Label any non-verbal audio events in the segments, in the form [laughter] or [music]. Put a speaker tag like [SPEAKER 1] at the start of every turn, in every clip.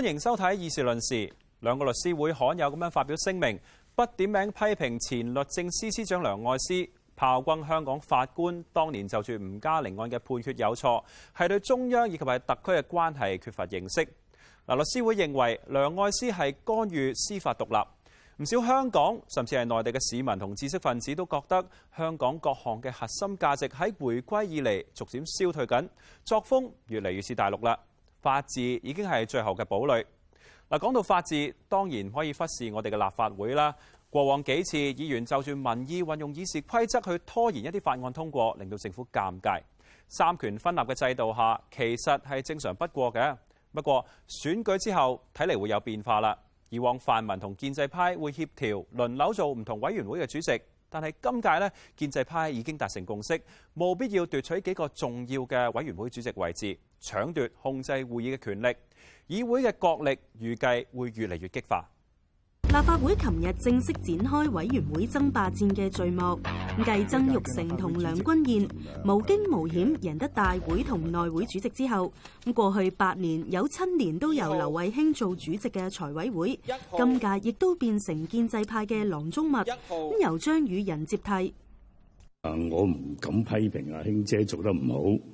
[SPEAKER 1] 歡迎收睇《議事論事》，兩個律師會罕有咁樣發表聲明，不點名批評前律政司司司長梁愛詩炮轟香港法官，當年就住吳嘉玲案嘅判決有錯，係對中央以及係特區嘅關係缺乏認識。嗱，律師會認為梁愛詩係干預司法獨立。唔少香港甚至係內地嘅市民同知識分子都覺得香港各項嘅核心價值喺回歸以嚟逐漸消退緊，作風越嚟越似大陸啦。法治已經係最後嘅堡壘。嗱，講到法治，當然可以忽視我哋嘅立法會啦。過往幾次議員就住民意運用議事規則去拖延一啲法案通過，令到政府尷尬。三權分立嘅制度下，其實係正常不過嘅。不過選舉之後，睇嚟會有變化啦。以往泛民同建制派會協調，輪流做唔同委員會嘅主席，但係今屆呢，建制派已經達成共識，冇必要奪取幾個重要嘅委員會主席位置。搶奪控制會議嘅權力，議會嘅角力預計會越嚟越激化。
[SPEAKER 2] 立法會琴日正式展開委員會爭霸戰嘅序幕，繼曾玉成同梁君彥無驚無險贏得大會同內會主席之後，咁過去八年有七年都由劉慧卿做主席嘅財委會，今屆亦都變成建制派嘅囊中物，由張宇人接替。
[SPEAKER 3] 我唔敢批評阿卿姐做得唔好。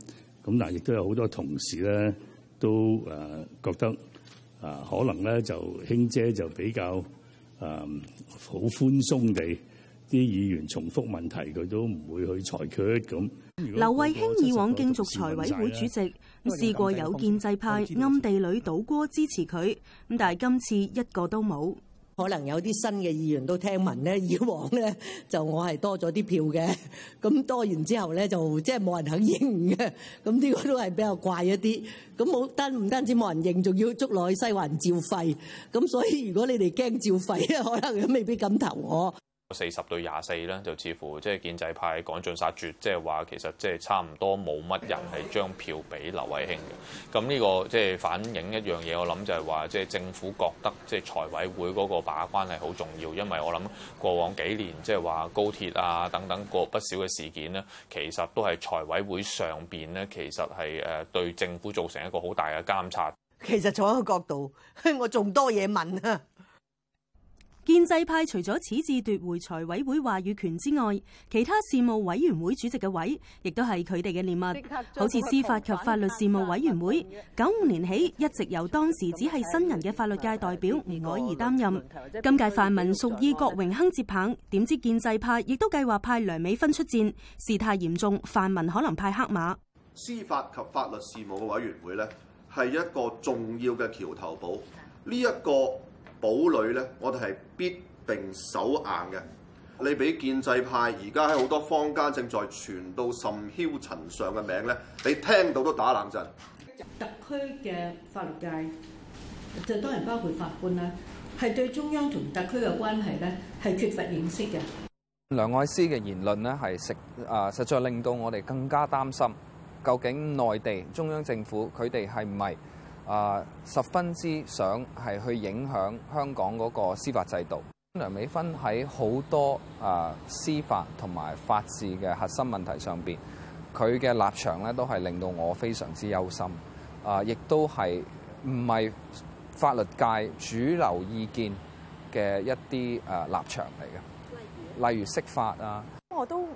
[SPEAKER 3] 咁但亦都有好多同事咧，都誒覺得啊，可能咧就卿姐就比較誒好寬鬆地啲議員重複問題，佢都唔會去裁決咁。
[SPEAKER 2] 劉慧卿以往競逐財委會主席，試過有建制派暗地裏倒戈支持佢，咁但係今次一個都冇。可能有啲新嘅議員都聽聞咧，以往咧就我係多咗啲票嘅，咁多完之後咧就即係冇人肯認嘅，咁呢個都係比較怪一啲。咁冇單唔單止冇人認，仲要捉落去西環照肺。咁所以如果你哋驚照肺，可能都未必敢投我。
[SPEAKER 4] 四十對廿四啦，就似乎即係、就是、建制派趕盡殺絕，即係話其實即係差唔多冇乜人係將票俾劉慧卿嘅。咁呢、這個即係、就是、反映一樣嘢，我諗就係話即係政府覺得即係、就是、財委會嗰個把關係好重要，因為我諗過往幾年即係話高鐵啊等等個不少嘅事件呢，其實都係財委會上邊呢，其實係誒對政府造成一個好大嘅監察。
[SPEAKER 2] 其實從一個角度，我仲多嘢問啊！建制派除咗此次奪回財委會話語權之外，其他事務委員會主席嘅位，亦都係佢哋嘅獵物。好似司法及法律事務委員會，九五年起一直由當時只係新人嘅法律界代表吳靄儀擔任。今屆泛民屬意郭榮鏗接棒，點知建制派亦都計劃派梁美芬出戰，事態嚴重，泛民可能派黑馬。
[SPEAKER 5] 司法及法律事務嘅委員會呢，係一個重要嘅橋頭堡，呢一個。堡壘咧，我哋係必定守硬嘅。你俾建制派而家喺好多坊間正在傳到甚
[SPEAKER 6] 囂塵上嘅名咧，你聽到都打冷震。
[SPEAKER 2] 特區嘅法律界就當然包括法官啦，係對中央同特區嘅關係咧
[SPEAKER 7] 係缺乏認識嘅。
[SPEAKER 4] 梁愛詩嘅言論呢，係實啊，實在令到我哋更加擔心，究竟內地中央政府佢哋係唔係？啊、呃，十分之想係去影響香港嗰個司法制度。梁美芬喺好多啊、呃、司法同埋法治嘅核心問題上邊，佢嘅立場咧都係令到我非常之憂心。啊、呃，亦都係唔係法律界主流意見嘅一啲啊、呃、立場嚟嘅。例如，例如釋法啊。
[SPEAKER 2] 我都唔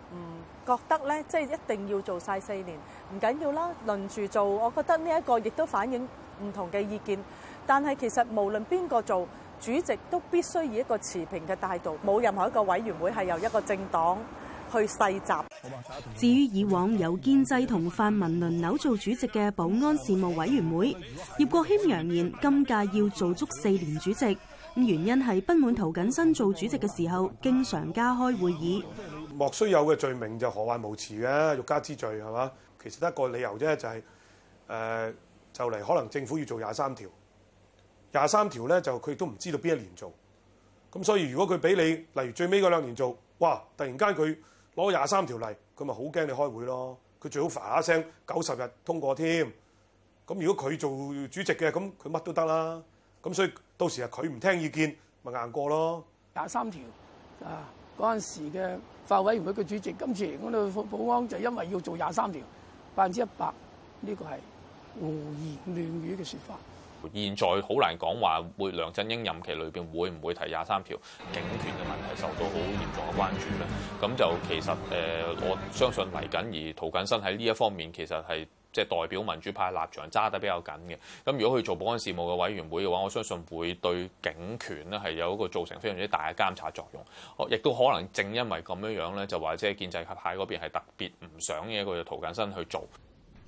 [SPEAKER 2] 覺得咧，即、就、係、是、一定要做晒四年，唔緊要啦，輪住做。我覺得呢一個亦都反映唔同嘅意見，但係其實無論邊個做主席，都必須以一個持平嘅態度，冇任何一個委員會係由一個政黨去世襲。至於以往有建制同泛民輪流做主席嘅保安事務委員會，葉國謙揚言今屆要做足四年主席，原因係不滿涂謹申做主席嘅時候經常加開會議。
[SPEAKER 5] 莫須有嘅罪名就何患無辭嘅，欲加之罪係嘛？其實得一個理由啫，就係、是呃就嚟可能政府要做廿三條，廿三條咧就佢都唔知道邊一年做，咁所以如果佢俾你例如最尾嗰兩年做，哇！突然間佢攞廿三條嚟，佢咪好驚你開會咯？佢最好發一聲九十日通過添。咁如果佢做主席嘅，咁佢乜都得啦。咁所以到時候佢唔聽意見咪硬過咯。廿三條
[SPEAKER 4] 啊，嗰陣時嘅法委員會嘅主席，今次我哋保安就因為要做廿三條百分之一百，呢個係。胡言亂語嘅説法，現在好難講話會梁振英任期裏邊會唔會提廿三條，警權嘅問題受到好嚴重嘅關注咧。咁就其實誒，我相信嚟緊而涂謹申喺呢一方面其實係即係代表民主派立場揸得比較緊嘅。咁如果去做保安事務嘅委員會嘅話，我相信會對警權咧係有一個造成非常之大嘅監察作用。我亦都可能正因為咁樣樣咧，就話即係建制派嗰邊係特別唔想嘅一個涂謹申去做。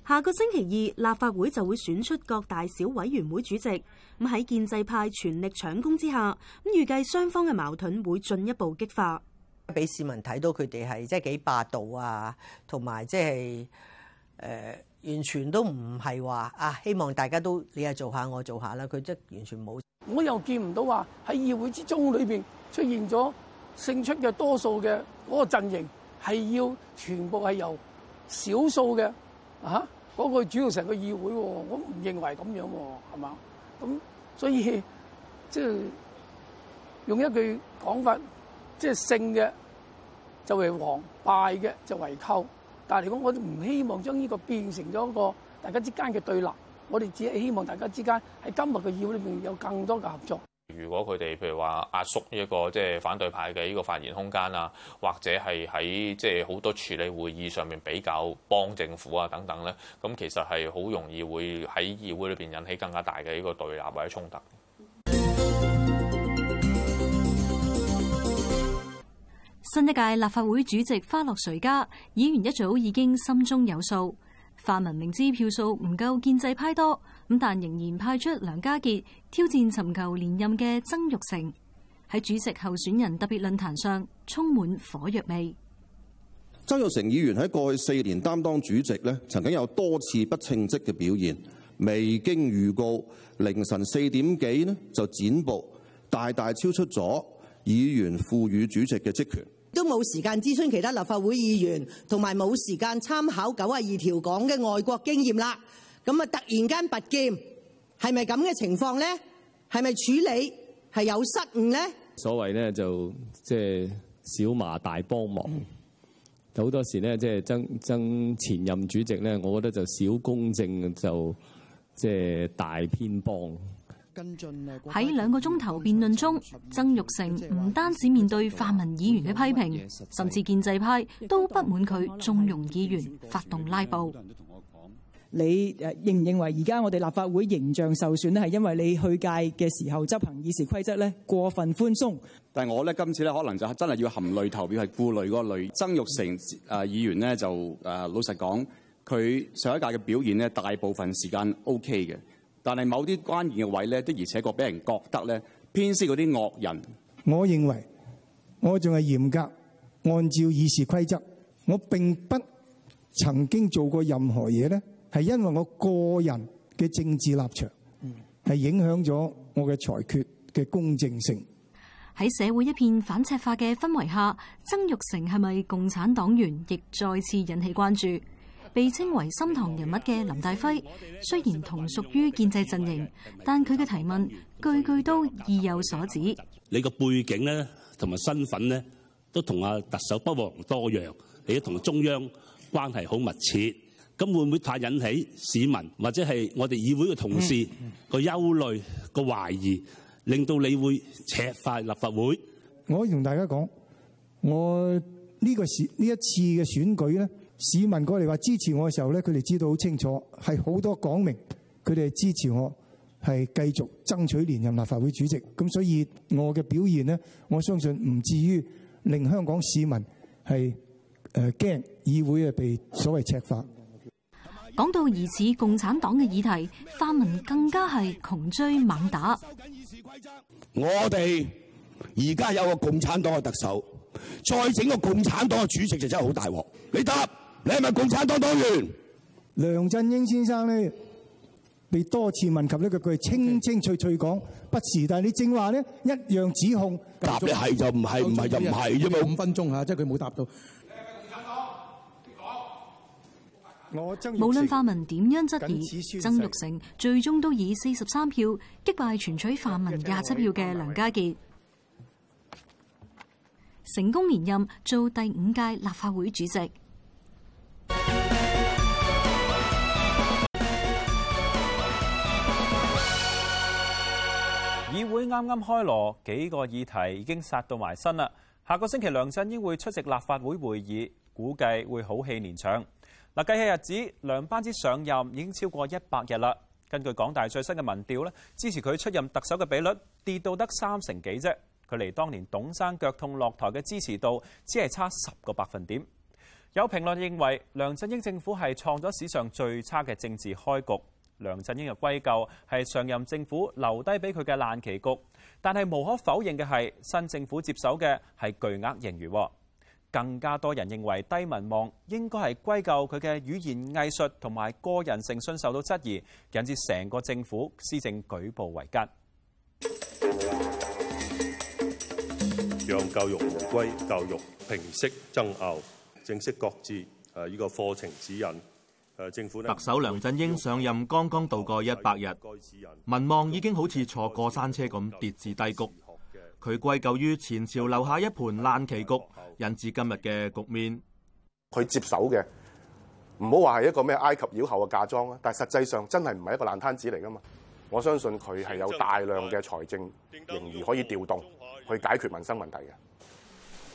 [SPEAKER 2] 下個星期二，立法會就會選出各大小委員會主席。咁喺建制派全力搶攻之下，咁預計雙方嘅矛盾會進一步激化，俾市民睇到佢哋係即係幾霸道啊，同埋即係誒完全都唔係話啊。希望大家都你啊做下，我做下啦。佢即係完全冇，
[SPEAKER 4] 我又見唔到話喺議會之中裏邊出現咗勝出嘅多數嘅嗰個陣營係要全部係由少數嘅。吓、啊、個、那個主要成個議會喎，我唔認為咁樣喎，係嘛？咁所以即係、就是、用一句講法，即、就、係、是、勝嘅就為王，敗嘅就為寇。但係嚟講，我哋唔希望將呢個變成咗一個大家之間嘅對立。我哋只係希望大家之間喺今日嘅議會裏面有更多嘅合作。如果佢哋，譬如話壓縮呢一個即係反對派嘅呢個發言空間啊，或者係喺即係好多處理會議上面比較幫政府啊等等咧，咁其實，係好容易會喺議會裏邊引起更加大嘅呢個對立或者衝突。
[SPEAKER 7] 新一屆立法會主席花落誰家？議員一早已經心中有數。泛民明知票數唔夠建制派多，咁但仍然派出梁家傑挑戰尋求連任嘅曾鈺成，喺主席候選人特別論壇上充滿火藥味。
[SPEAKER 3] 曾鈺成議員喺過去四年擔當主席呢，曾經有多次不稱職嘅表現，未經預告凌晨四點幾呢就剪布，大大超出咗議員賦予主席嘅職權。
[SPEAKER 2] 都冇時間諮詢其他立法會議員，同埋冇時間參考九啊二條講嘅外國經驗啦。咁啊，突然間拔劍，係咪咁嘅情況咧？係咪處理係有失誤咧？
[SPEAKER 4] 所謂咧就即係、就是、小罵大幫忙，好、嗯、多時咧即係曾曾前任主席咧，我覺得就小公正，就即係、就是、大偏幫。
[SPEAKER 7] 跟進喺兩個鐘頭辯論中，曾鈺成唔單止面對泛民議員嘅批評，甚至建制派都不滿佢縱容議員發動拉布。
[SPEAKER 8] 你誒、啊、認唔認為而家我哋立法會形象受損咧，係因為你去屆嘅時候執行議事規則咧過分寬鬆？但係我咧今次咧
[SPEAKER 4] 可能就真係要含淚投票，係顧慮嗰類。曾鈺成誒議員就誒老實講，佢上一屆嘅表現呢大部分時間 OK 嘅。但係某啲關鍵嘅位咧，的而且確俾人覺得咧，偏識嗰啲惡人。
[SPEAKER 8] 我認為我仲係嚴格按照議事規則，我並不曾經做過任何嘢咧，係因為我個人嘅政治立場係影響咗我嘅裁決嘅公正性。
[SPEAKER 7] 喺、嗯、社會一片反赤化嘅氛圍下，曾鈺成係咪共產黨員，亦再次引起關注。被稱為深糖人物嘅林大輝，雖然同屬於建制陣營，但佢嘅提問句句都意有所指。
[SPEAKER 3] 你個背景咧，同埋身份咧，都同阿特首不遑多讓。你同中央關係好密切，咁會唔會太引起市民或者係我哋議會嘅同事個憂慮、個懷疑，令到你會赤化立法會？
[SPEAKER 8] 我可以同大家講，我呢個選呢一次嘅選舉咧。市民過嚟話支持我嘅時候咧，佢哋知道好清楚，係好多講明佢哋係支持我，係繼續爭取連任立法會主席。咁所以我嘅表現呢，我相信唔至於令香港市民係誒驚議會啊被所謂赤
[SPEAKER 5] 化。
[SPEAKER 7] 講到疑似共產黨嘅議題，泛民更加係窮追猛打。收緊
[SPEAKER 5] 議事規則，我哋而家有個共產黨嘅特首，再整個共產黨嘅主席就真係好大鑊。你答？你係咪共產黨黨員？
[SPEAKER 8] 梁振英先生咧，被多次問及呢個句，清清脆脆講，不是，但係你正話咧一樣指控。答你係就唔係，唔係就唔係，因為五分鐘吓，即係佢冇答到。
[SPEAKER 7] 無論泛民點樣質疑，曾鈺成最終都以四十三票擊敗全取泛民廿七票嘅梁家傑，成功連任做第五屆立法會主席。
[SPEAKER 1] 議會啱啱開鑼，幾個議題已經殺到埋身啦。下個星期梁振英會出席立法會會議，估計會好戲連場嗱，計起日子，梁班子上任已經超過一百日啦。根據港大最新嘅民調咧，支持佢出任特首嘅比率跌到得三成幾啫，距離當年董生腳痛落台嘅支持度只係差十個百分點。有評論認為，梁振英政府係創咗史上最差嘅政治開局。梁振英嘅歸咎係上任政府留低俾佢嘅爛棋局，但係無可否認嘅係新政府接手嘅係巨額盈餘，更加多人認為低民望應該係歸咎佢嘅語言藝術同埋個人誠信受到質疑，引致成個政府施政舉
[SPEAKER 3] 步維艱。讓教育迴歸教育，平息爭拗，正式擱置，誒、這、呢個課程指引。特首
[SPEAKER 9] 梁振英上任剛剛度過一百日，民望已經好似坐過山車咁跌至低谷。佢歸咎於前朝留下一
[SPEAKER 5] 盤爛棋局，引致今日嘅局面。佢接手嘅唔好話係一個咩埃及妖后嘅嫁妝啊，但實際上真係唔係一個爛攤子嚟噶嘛。我相信佢係有大量嘅財政盈餘可以調動去解決民生問題嘅。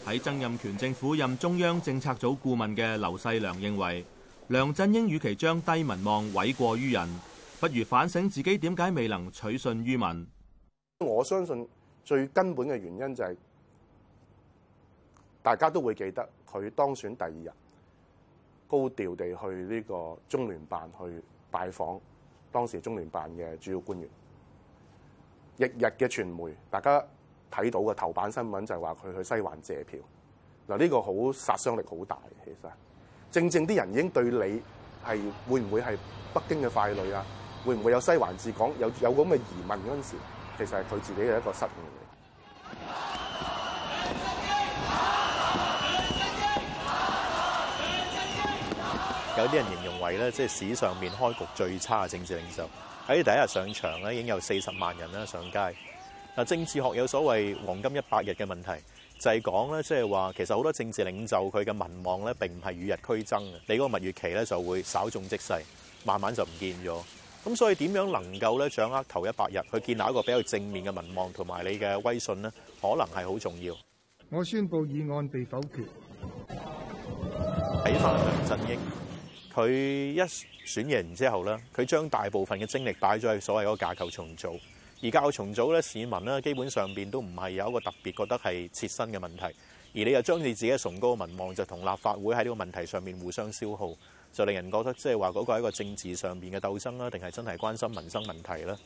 [SPEAKER 9] 喺曾蔭權政府任中央政策組顧問嘅劉細良認為，梁振英與其將低民望諉過於人，不如反省自己點解未能取信於民。
[SPEAKER 5] 我相信最根本嘅原因就係，大家都會記得佢當選第二日，高調地去呢個中聯辦去拜訪當時中聯辦嘅主要官員。日日嘅傳媒，大家睇到嘅頭版新聞就係話佢去西環借票。嗱，呢個好殺傷力好大，其實。正正啲人已經對你係會唔會係北京嘅傀儡啊，會唔會有西環治港，有有咁嘅疑問嗰陣時，其實係佢自己嘅一個失誤。有
[SPEAKER 10] 啲人形容為咧，即係史上面開局最差嘅政治領袖。喺第一日上場咧，已經有四十萬人啦上街。嗱，政治學有所謂黃金一百日嘅問題。就係講咧，即係話其實好多政治領袖佢嘅民望咧並唔係與日俱增嘅，你嗰個蜜月期咧就會稍縱即逝，慢慢就唔見咗。咁所以點樣能夠咧掌握頭一百日去建立一個比較正面嘅民望同埋你嘅威信呢，可能係好重要。
[SPEAKER 11] 我
[SPEAKER 8] 宣布議案被否決。
[SPEAKER 10] 睇翻梁振英，佢一選贏之後咧，佢將大部分嘅精力擺咗喺所謂嗰個架構重組。而家我重組咧，市民咧基本上邊都唔係有一個特別覺得係切身嘅問題，而你又將你自己嘅崇高民望就同立法會喺呢個問題上面互相消耗，就令人覺得即係話嗰個係一個政治上面嘅鬥爭啦，定係真係關心民生問題呢？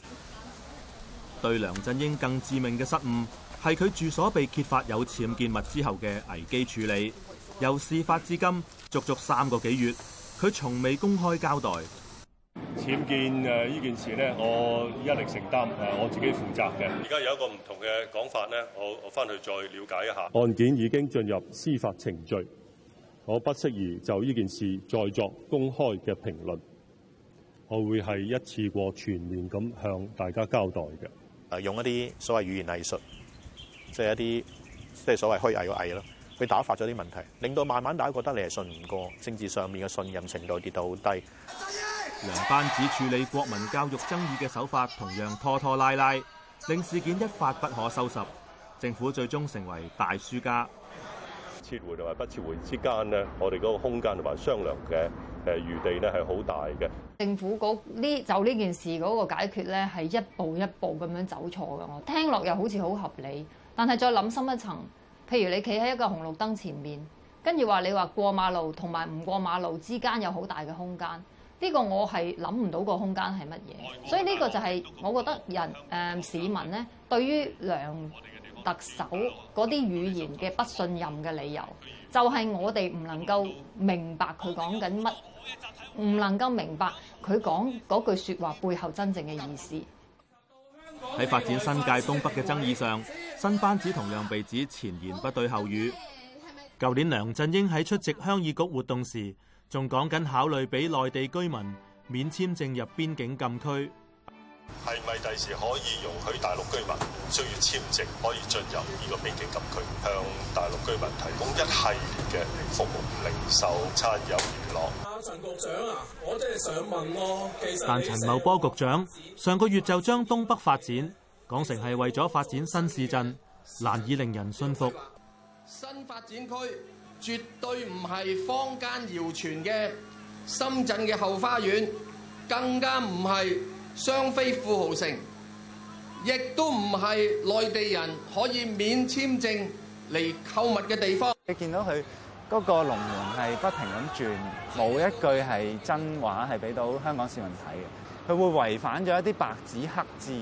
[SPEAKER 9] 對梁振英更致命嘅失誤係佢住所被揭發有僭建物之後嘅危機處理，由事發至今足足三個幾月，佢
[SPEAKER 3] 從未公開交代。僭建，誒、呢、呃、件事咧，我一力承擔誒、呃，我自己負責嘅。而家有一個唔同嘅講法咧，我我返去再了解一下。案件已經進入司法程序，我不適宜就呢件事再作公開嘅評論。我會係一次過全面咁向大家交代嘅。
[SPEAKER 10] 誒，用一啲所謂語言偽術，即、就、係、是、一啲即係所謂虛偽嘅偽咯，去打發咗啲問題，令到慢慢大家覺得你係信唔過，政治上面嘅信任程度
[SPEAKER 9] 跌到好低。梁班子處理國民教育爭議嘅手法同樣拖
[SPEAKER 3] 拖拉拉，令事件一發不可收拾。政府最終成為大輸家。撤回同埋不撤回之間咧，我哋嗰個空間同埋商量嘅誒餘地咧係好大嘅。
[SPEAKER 9] 政府呢就呢件事嗰個解決咧係一步一步咁樣走錯嘅。我聽落又好似好合理，但係再諗深一層，譬如你企喺一個紅綠燈前面，跟住話你話過馬路同埋唔過馬路之間有好大嘅空間。呢、這個我係諗唔到個空間係乜嘢，所以呢個就係我覺得人誒、呃、市民咧對於梁特首嗰啲語言嘅不信任嘅理由，就係我哋唔能夠明白佢講緊乜，唔能夠明白佢講嗰句説話背後真正嘅意思。喺發展新界東北嘅爭議上，新班子同樣被指前言不對後語。舊年梁振英喺出席鄉議局活動時，仲講緊考慮俾內地居民免簽證入邊境禁區，
[SPEAKER 3] 係咪第時可以容許大陸居民需要簽證可以進入呢個邊境禁區？向大陸居民提供一系列嘅服務、零售、餐飲、娛樂。陳局
[SPEAKER 5] 長啊，我真係想問
[SPEAKER 9] 但，陳茂波局長上個月就將東北發展講成係為咗發展新市鎮，難以令人信服。
[SPEAKER 5] 新發展區。絕對唔係坊間謠傳嘅深圳嘅後花園，更加唔係雙非富豪城，亦都唔係內地人可以免簽證嚟購物嘅地方。你見到佢嗰個龍門係不停咁轉，冇一句係
[SPEAKER 9] 真話係俾到香港市民睇嘅，佢會違反咗一啲白紙黑字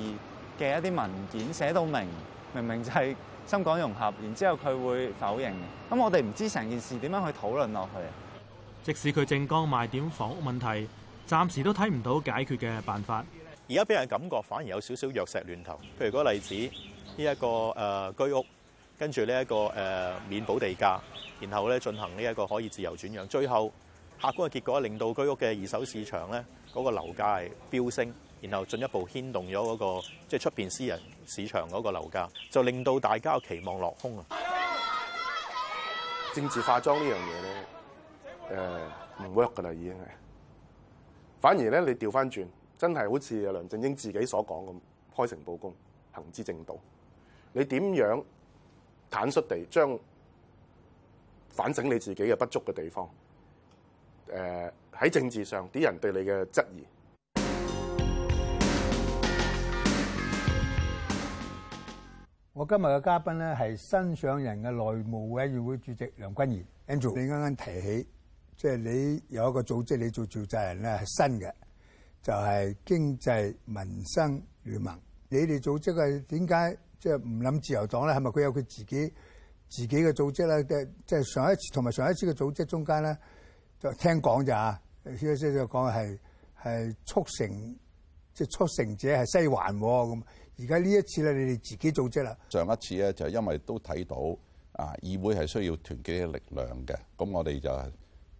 [SPEAKER 9] 嘅一啲文件寫到明。明明就係深港融合，然之後佢會否認？咁我哋唔知成件事點樣去討論落去。即使佢政綱賣點房屋問題，暫時都睇唔到解決嘅辦法。而家俾人感覺反而有少少
[SPEAKER 10] 弱石亂投。譬如嗰個例子，呢、這、一個誒居屋，跟住呢一個誒、呃、免補地價，然後咧進行呢一個可以自由轉讓，最後客觀嘅結果令到居屋嘅二手市場咧嗰、那個樓價係飆升。然後進一步牽動咗嗰個即係出邊私人市場嗰個樓價，就令到大家嘅期望落空啊！
[SPEAKER 5] 政治化妝呢樣嘢咧，誒唔 work 噶啦，已經係。反而咧，你調翻轉，真係好似梁振英自己所講咁，開誠布公，行之正道。你點樣坦率地將反省你自己嘅不足嘅地方？誒、呃、喺政治上啲人對你嘅質疑。
[SPEAKER 11] 我今日嘅嘉賓咧係新上任嘅內務委員會主席梁君彥 Andrew。你啱啱提起，即係你有一個組織，你做召集人咧係新嘅，就係經濟民生聯盟。你哋組織係點解即係唔諗自由黨咧？係咪佢有佢自己自己嘅組織咧？即係即係上一次同埋上一次嘅組織中間咧，就聽講咋？先先就講係係促成。即係促成者係西環咁。而家呢一次咧，你哋自己組織啦。
[SPEAKER 6] 上一次咧就因為都睇到啊，議會係需要團結嘅力量嘅。咁我哋就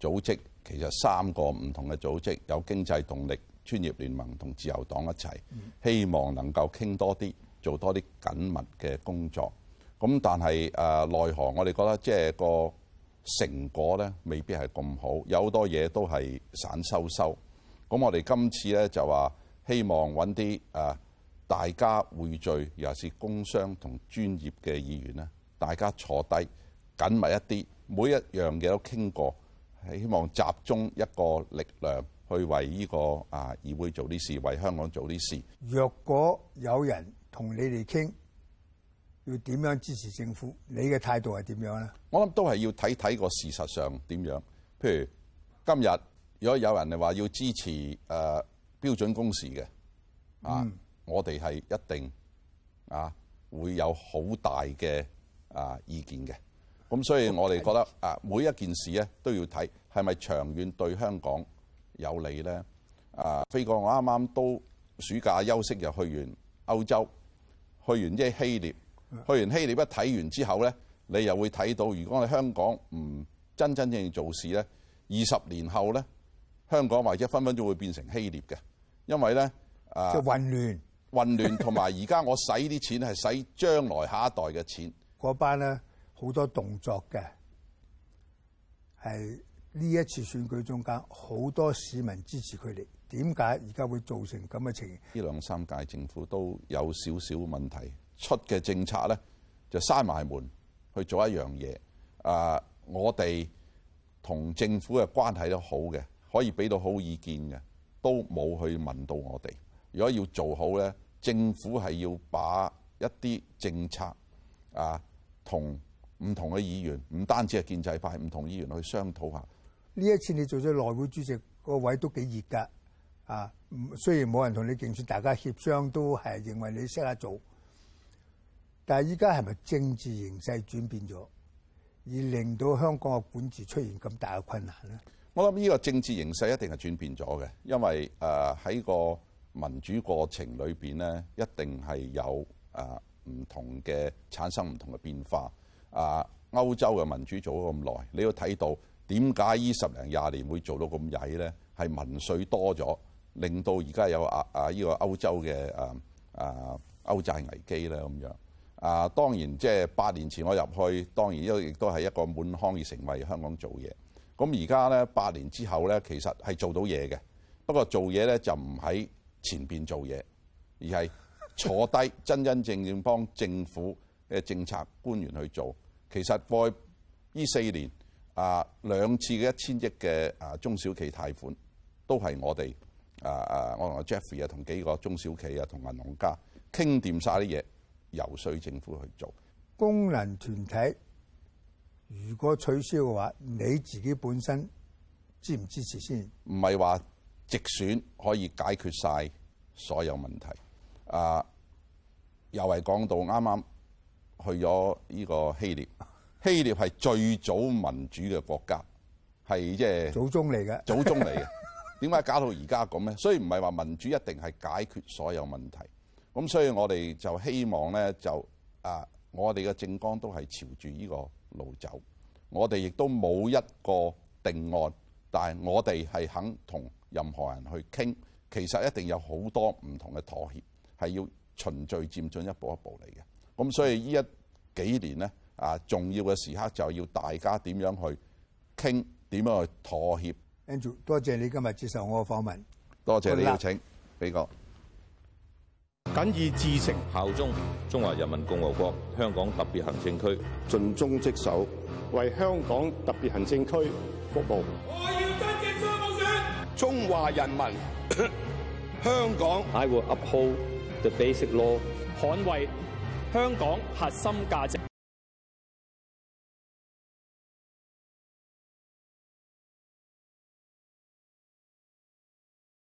[SPEAKER 6] 組織其實三個唔同嘅組織，有經濟動力、專業聯盟同自由黨一齊，希望能夠傾多啲，做多啲緊密嘅工作。咁但係誒奈何，我哋覺得即係個成果咧未必係咁好，有好多嘢都係散修修。咁我哋今次咧就話。希望揾啲誒大家匯聚，尤其是工商同專業嘅議員，咧，大家坐低緊密一啲，每一樣嘢都傾過，希望集中一個力量去為呢個啊議會做啲事，為香港做啲事。
[SPEAKER 11] 若果有人同你哋傾，要點樣支持政府？你嘅態度係點樣
[SPEAKER 6] 咧？我諗都係要睇睇個事實上點樣。譬如今日，如果有人話要支持誒。啊標準工時嘅，啊、嗯，我哋係一定啊，會有好大嘅啊意見嘅。咁所以我哋覺得啊，每一件事咧都要睇係咪長遠對香港有利咧。啊，飛哥，我啱啱都暑假休息又去完歐洲，去完即係希臘，去完希臘一睇完之後咧，你又會睇到如果係香港唔真真正正做事咧，二十年後咧。香港或者分分鐘會變成希臘嘅，因為咧啊，就混亂、啊、混亂，同埋而家我使啲錢係使 [laughs] 將來下一代嘅錢。
[SPEAKER 11] 嗰班咧好多動作嘅，係呢一次選舉中間好多市民支持佢哋，點解而家會造成咁嘅情
[SPEAKER 6] 形？呢兩三屆政府都有少少問題，出嘅政策咧就閂埋門去做一樣嘢。啊，我哋同政府嘅關係都好嘅。可以俾到好意見嘅，都冇去問到我哋。如果要做好咧，政府係要把一啲政策啊同唔同嘅議員，唔單止係建制派，唔同議員去商討下。
[SPEAKER 11] 呢一次你做咗內會主席，個位都幾熱㗎啊！雖然冇人同你競選，大家協商都係認為你識得做。但係依家係咪政治形勢轉變咗，而令到香港嘅管治出現咁大嘅困難咧？
[SPEAKER 6] 我諗呢個政治形勢一定係轉變咗嘅，因為誒喺個民主過程裏邊咧，一定係有誒唔同嘅產生唔同嘅變化。誒歐洲嘅民主做咗咁耐，你要睇到點解呢十零廿年會做到咁曳咧？係民粹多咗，令到而家有啊啊呢個歐洲嘅誒誒歐債危機咧咁樣。啊，當然即係八年前我入去，當然亦都係一個滿腔熱誠為香港做嘢。咁而家咧八年之後咧，其實係做到嘢嘅。不過做嘢咧就唔喺前邊做嘢，而係坐低真真正正幫政府嘅政策官員去做。其實過去呢四年啊兩次嘅一千億嘅啊中小企貸款，都係我哋啊啊我同阿 Jeffrey 啊同幾個中小企啊同銀行家傾掂晒啲嘢，游說政府去做。
[SPEAKER 11] 工人團體。如果取消嘅話，你自己本身支唔支持先？
[SPEAKER 6] 唔係話直選可以解決晒所有問題啊！又係講到啱啱去咗呢個希臘希臘係最早民主嘅國家，係即係祖宗嚟嘅，祖宗嚟嘅。點解搞到而家咁咧？所以唔係話民主一定係解決所有問題，咁，所以我哋就希望咧就啊，我哋嘅政綱都係朝住呢個路走，我哋亦都冇一個定案，但係我哋係肯同任何人去傾，其實一定有好多唔同嘅妥協，係要循序漸進一步一步嚟嘅。咁所以呢，一幾年咧，啊重要嘅時刻就要大家點樣去傾，點樣去妥協。Andrew，多謝你今日
[SPEAKER 11] 接受我嘅訪問，
[SPEAKER 6] 多謝你邀請，俾哥。謹以至誠效忠中華人民共和國香港特別行政區，盡忠職守，
[SPEAKER 5] 為香港特別行政區服務。我要真正雙普選中華人民咳咳香港。I will uphold the basic law，
[SPEAKER 9] 捍衛香港核心價值。